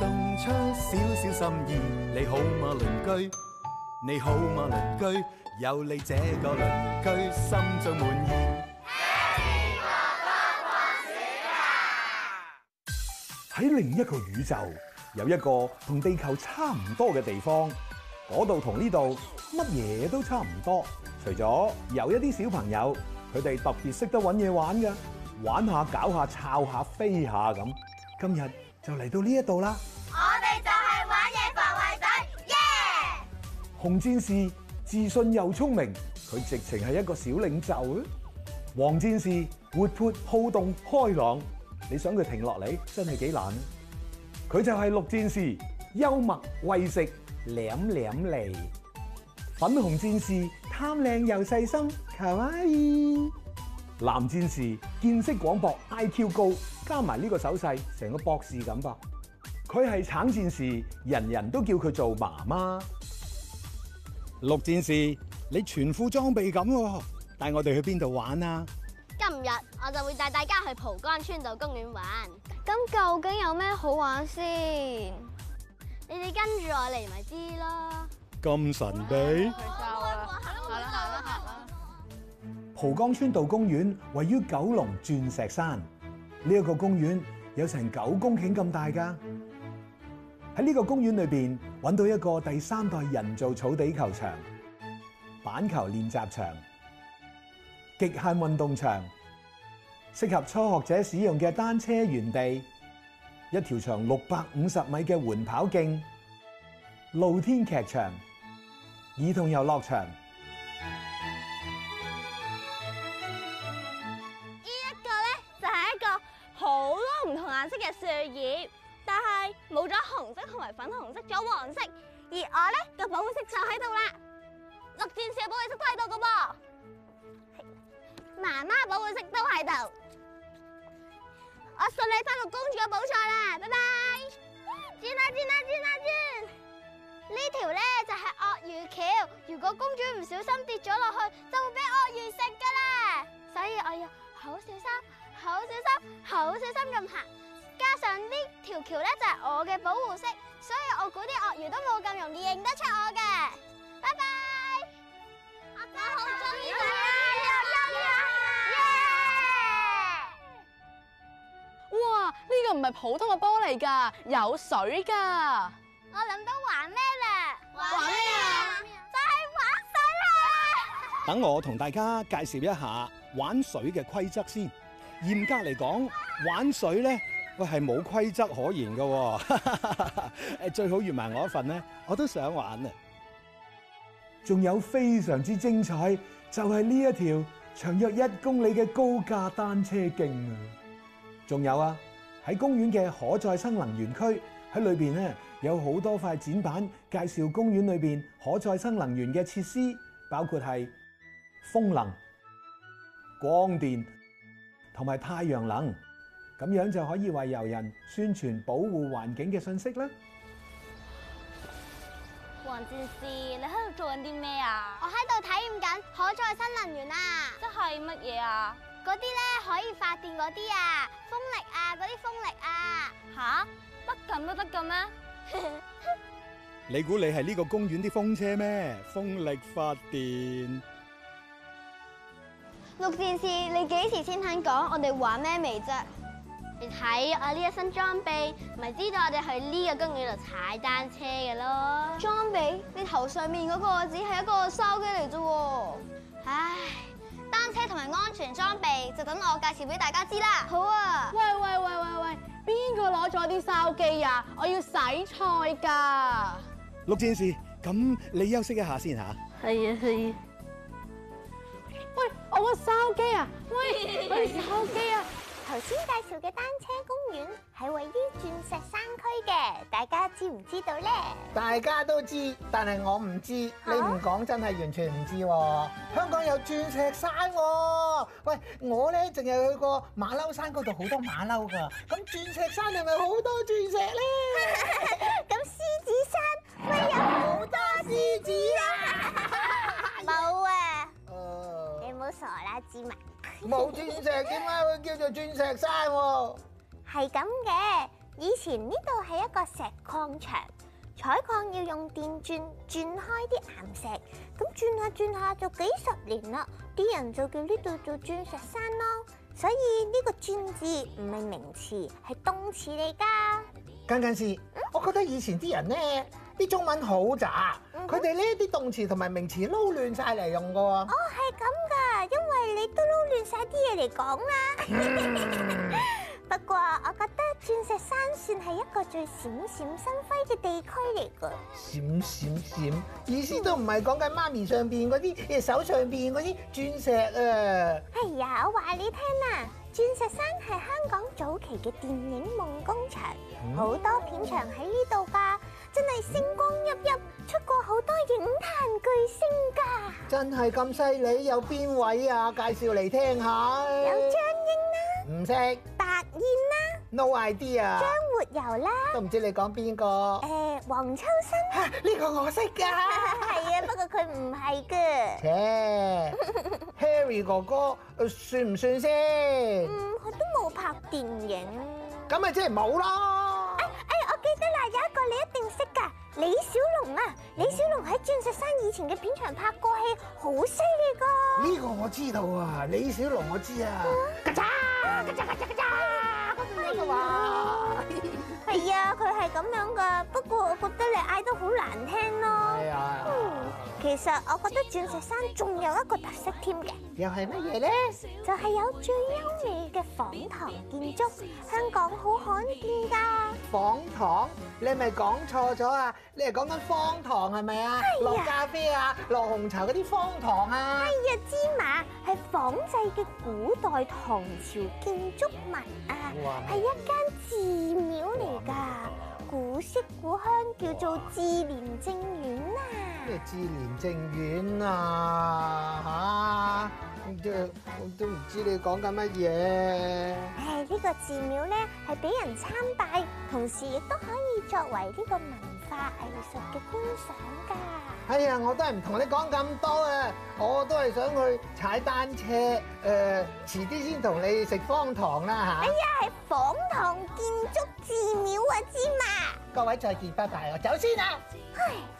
送出少少心意，你好嘛鄰居？你好嘛鄰居？有你這個鄰居，心中滿意。喺另一個宇宙，有一個同地球差唔多嘅地方，嗰度同呢度乜嘢都差唔多，除咗有一啲小朋友，佢哋特別識得揾嘢玩㗎，玩下搞下，抄下飛下咁。今日就嚟到呢一度啦。紅戰士自信又聰明，佢直情係一個小領袖。黃戰士活潑好動開朗，你想佢停落嚟真係幾難。佢就係綠戰士，幽默喂食舐舐脷。粉紅戰士貪靚又細心，cute。藍戰士見識廣博，I.Q. 高，加埋呢個手勢，成個博士咁噃。佢係橙戰士，人人都叫佢做媽媽。綠戰士，你全副裝備咁喎，帶我哋去邊度玩啊？今日我就會帶大家去蒲崗村道公園玩。咁究竟有咩好玩先？你哋跟住我嚟，咪知囉。咁神秘。好啦，好啦，好啦，好啦。蒲崗村道公園位於九龍鑽石山，呢一個公園有成九公頃咁大噶。喺呢個公園裏邊，揾到一個第三代人造草地球場、板球練習場、極限運動場，適合初學者使用嘅單車園地，一條長六百五十米嘅緩跑徑、露天劇場、兒童遊樂場。呢一個咧就係一個好多唔同顏色嘅樹葉。係冇咗紅色同埋粉紅色，仲有黃色，而我咧嘅保護色就喺度啦。綠戰士保護色都喺度噶噃媽媽的保護色都喺度。我順利翻到公主嘅寶座啦，拜拜！轉啊轉啊轉啊轉！啊啊，這條呢條咧就係、是、鱷魚橋，如果公主唔小心跌咗落去，就會俾鱷魚食噶啦。所以我要好小心，好小心，好小心咁行。加上這條橋呢條橋咧就係、是、我嘅保護色，所以我估啲鱷魚都冇咁容易認得出我嘅。拜拜！阿媽好中意做呀，哇，呢、這個唔係普通嘅玻璃噶有水噶我諗到玩咩啦？玩咩就係玩水啦！等 我同大家介紹一下玩水嘅規則先。嚴格嚟講， 玩水咧。佢係冇規則可言嘅，誒最好預埋我一份呢，我都想玩啊！仲有非常之精彩，就係呢一條長約一公里嘅高架單車徑啊！仲有啊，喺公園嘅可再生能源區，喺裏邊呢，有好多塊展板介紹公園裏邊可再生能源嘅設施，包括係風能、光電同埋太陽能。咁樣就可以為遊人宣傳保護環境嘅信息啦。黃戰士，你喺度做緊啲咩啊？我喺度體驗緊可再生能源啊！即係乜嘢啊？嗰啲咧可以發電嗰啲啊，風力啊，嗰啲風力啊。吓，乜咁都得嘅咩？你估你係呢個公園啲風車咩？風力發電。綠戰士，你幾時先肯講？我哋玩咩未啫？你睇我呢一身裝備，咪知道我哋去呢個公園度踩單車嘅咯。裝備？你頭上面嗰個只係一個筲箕嚟啫喎。唉，單車同埋安全裝備就等我介紹俾大家知啦。好啊。喂喂喂喂喂，邊個攞咗啲筲箕啊？我要洗菜噶。綠戰士，咁你休息一下先嚇。係啊係。啊喂，我個筲箕啊！喂喂，筲箕啊！頭先介紹嘅單車公園係位於鑽石山區嘅，大家知唔知道咧？大家都知，但係我唔知。你唔講真係完全唔知。啊、香港有鑽石山、啊，喂，我咧淨係去過馬騮山嗰度好多馬騮噶。咁鑽石山係咪好多鑽石咧？咁獅 子山咪 有好多獅子山 啊？冇啊、嗯，你唔好傻啦，芝麻。冇鑽石點解會叫做鑽石山？係咁嘅，以前呢度係一個石礦場，採礦要用電鑽鑽開啲巖石，咁鑽下鑽下就幾十年啦，啲人就叫呢度做鑽石山咯。所以呢個鑽字唔係名詞，係動詞嚟噶。僅僅是，我覺得以前啲人咧啲中文好渣，佢哋呢啲動詞同埋名詞撈亂晒嚟用噶。哦，係咁。你都撈亂晒啲嘢嚟講啦，嗯、 不過我覺得鑽石山算係一個最閃閃生輝嘅地區嚟噶。閃閃閃，意思都唔係講緊媽咪上邊嗰啲，手上邊嗰啲鑽石啊。係、哎、呀，我話你聽啊，鑽石山係香港早期嘅電影夢工場，好多片場喺呢度噶。真係星光熠熠，出過好多影壇巨星噶。真係咁犀利，有邊位啊？介紹嚟聽下。有張瑛啦。唔識。白燕啦。No idea。張活游啦。都唔知你講邊個。誒，黃秋生。呢個我識噶。係啊，不過佢唔係噶。切，Harry 哥哥算唔算先？嗯，佢都冇拍電影。咁咪即係冇咯。李小龍啊！李小龍喺鑽石山以前嘅片場拍過戲，好犀利噶！呢個我知道啊，李小龍我知啊。咔嚓，咔嚓，咔嚓，咔嚓，好犀利喎！係啊，佢係咁樣噶， 不過我覺得你嗌得好難聽咯。哎其實我覺得鑽石山仲有一個特色添嘅，又係乜嘢咧？就係有最優美嘅仿唐建築，香港好罕見㗎。仿唐？你係咪講錯咗啊？你係講緊方糖係咪啊？落咖啡啊，落紅茶嗰啲方糖啊？係啊！志蓮係仿製嘅古代唐朝建築物啊，係一間寺廟嚟㗎。古色古香叫做志蓮淨苑啊！咩志蓮淨苑啊？吓，我都我都唔知你講緊乜嘢。唉，呢個寺廟咧係俾人參拜，同時亦都可以作為呢個文化藝術嘅觀賞噶。哎呀，我都係唔同你講咁多啊！我都係想去踩單車，誒、呃，遲啲先同你食方糖啦吓！啊、哎呀，係仿唐建築寺廟啊知嘛！各位再見，拜拜，我走先啦。唉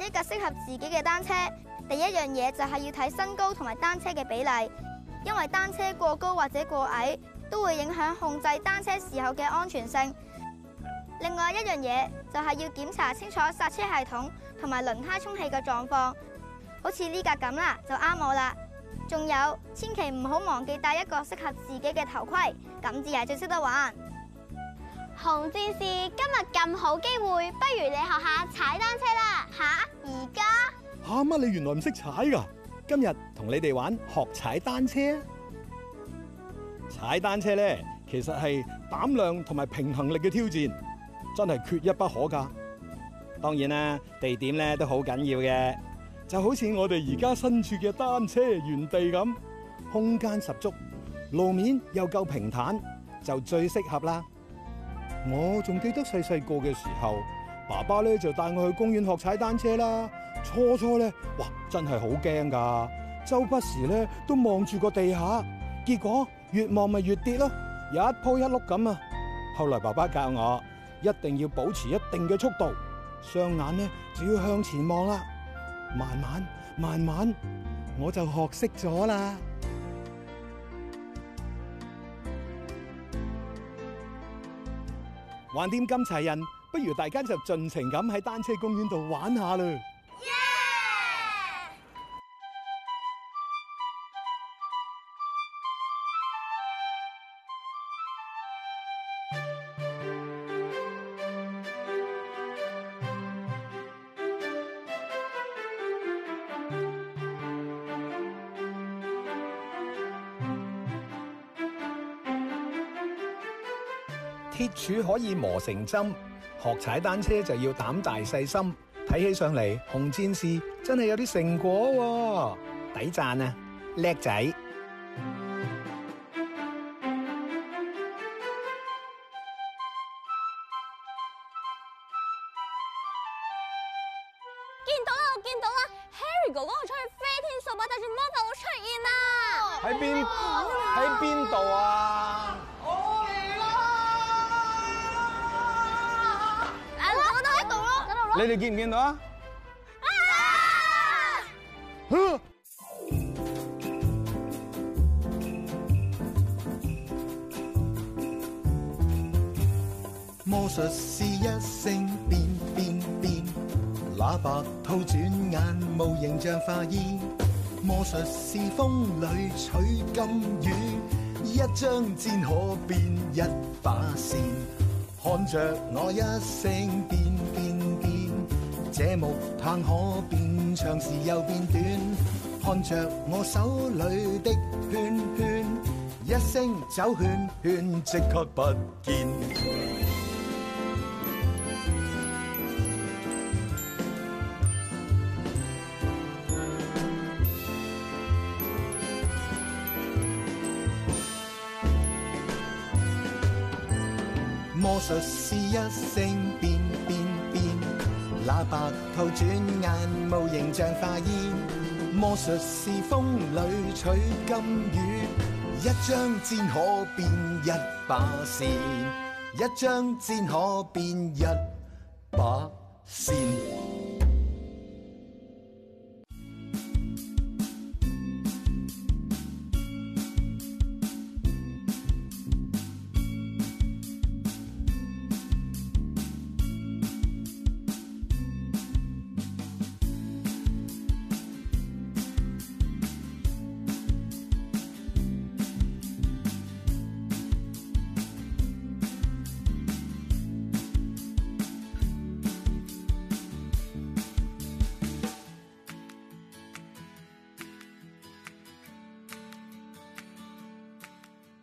一個適合自己嘅單車，第一樣嘢就係要睇身高同埋單車嘅比例，因為單車過高或者過矮都會影響控制單車時候嘅安全性。另外一樣嘢就係要檢查清楚剎車系統同埋輪胎充氣嘅狀況，好似呢架咁啦就啱我啦。仲有，千祈唔好忘記戴一個適合自己嘅頭盔，咁至係最識得玩。紅戰士，今日咁好機會，不如你學下踩單車啦吓！而家吓，乜、啊、你原來唔識踩噶今日同你哋玩學踩單車。踩單車咧，其實係膽量同埋平衡力嘅挑戰，真係缺一不可噶。當然啦，地點咧都好緊要嘅，就好似我哋而家身處嘅單車原地咁，空間十足，路面又夠平坦，就最適合啦。我仲記得細細個嘅時候，爸爸咧就帶我去公園學踩單車啦。初初咧，哇，真係好驚噶，周不時咧都望住個地下，結果越望咪越跌咯，有一鋪一碌咁啊。後來爸爸教我，一定要保持一定嘅速度，雙眼咧就要向前望啦，慢慢慢慢，我就學識咗啦。玩點咁齊人，不如大家就盡情咁喺單車公園度玩下嘞～鐵柱可以磨成針，學踩單車就要膽大細心。睇起上嚟，紅戰士真係有啲成果喎，抵讚啊！叻仔， 見到啦，我見到啦 ，Harry 哥哥我出去飛天掃把，帶住魔法會出現啦！喺邊，哦？喺邊度啊？你哋見唔見到啊？啊！魔術師一聲變變變，喇叭兔轉眼無形象化煙。魔術師風裏取金魚，一張紙可變一把線，看着我一聲變。這木棒可變長時又變短，看着我手裏的圈圈，一聲走圈圈，即刻不見。 魔術是一聲變。白兔轉眼，無形象化煙。魔術是風裏取金魚，一張氈可變一把扇，一張氈可變一把扇。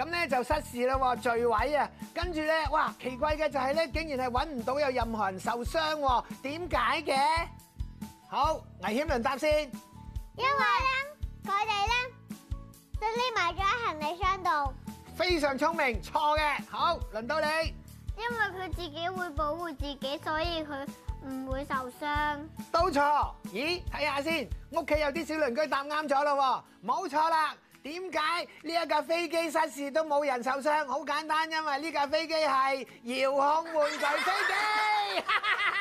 咁咧就失事啦，墜毀啊！跟住咧，哇，奇怪嘅就係咧，竟然係搵唔到有任何人受傷，點解嘅？好，危險輪答先。因為咧，佢哋咧就匿埋咗喺行李箱度。非常聰明，錯嘅。好，輪到你。因為佢自己會保護自己，所以佢唔會受傷。都錯。咦，睇下先，屋企有啲小鄰居答啱咗啦，冇錯啦。點解呢一架飛機失事都冇人受傷？好簡單，因為呢架飛機係遙控玩具飛機，哈哈哈。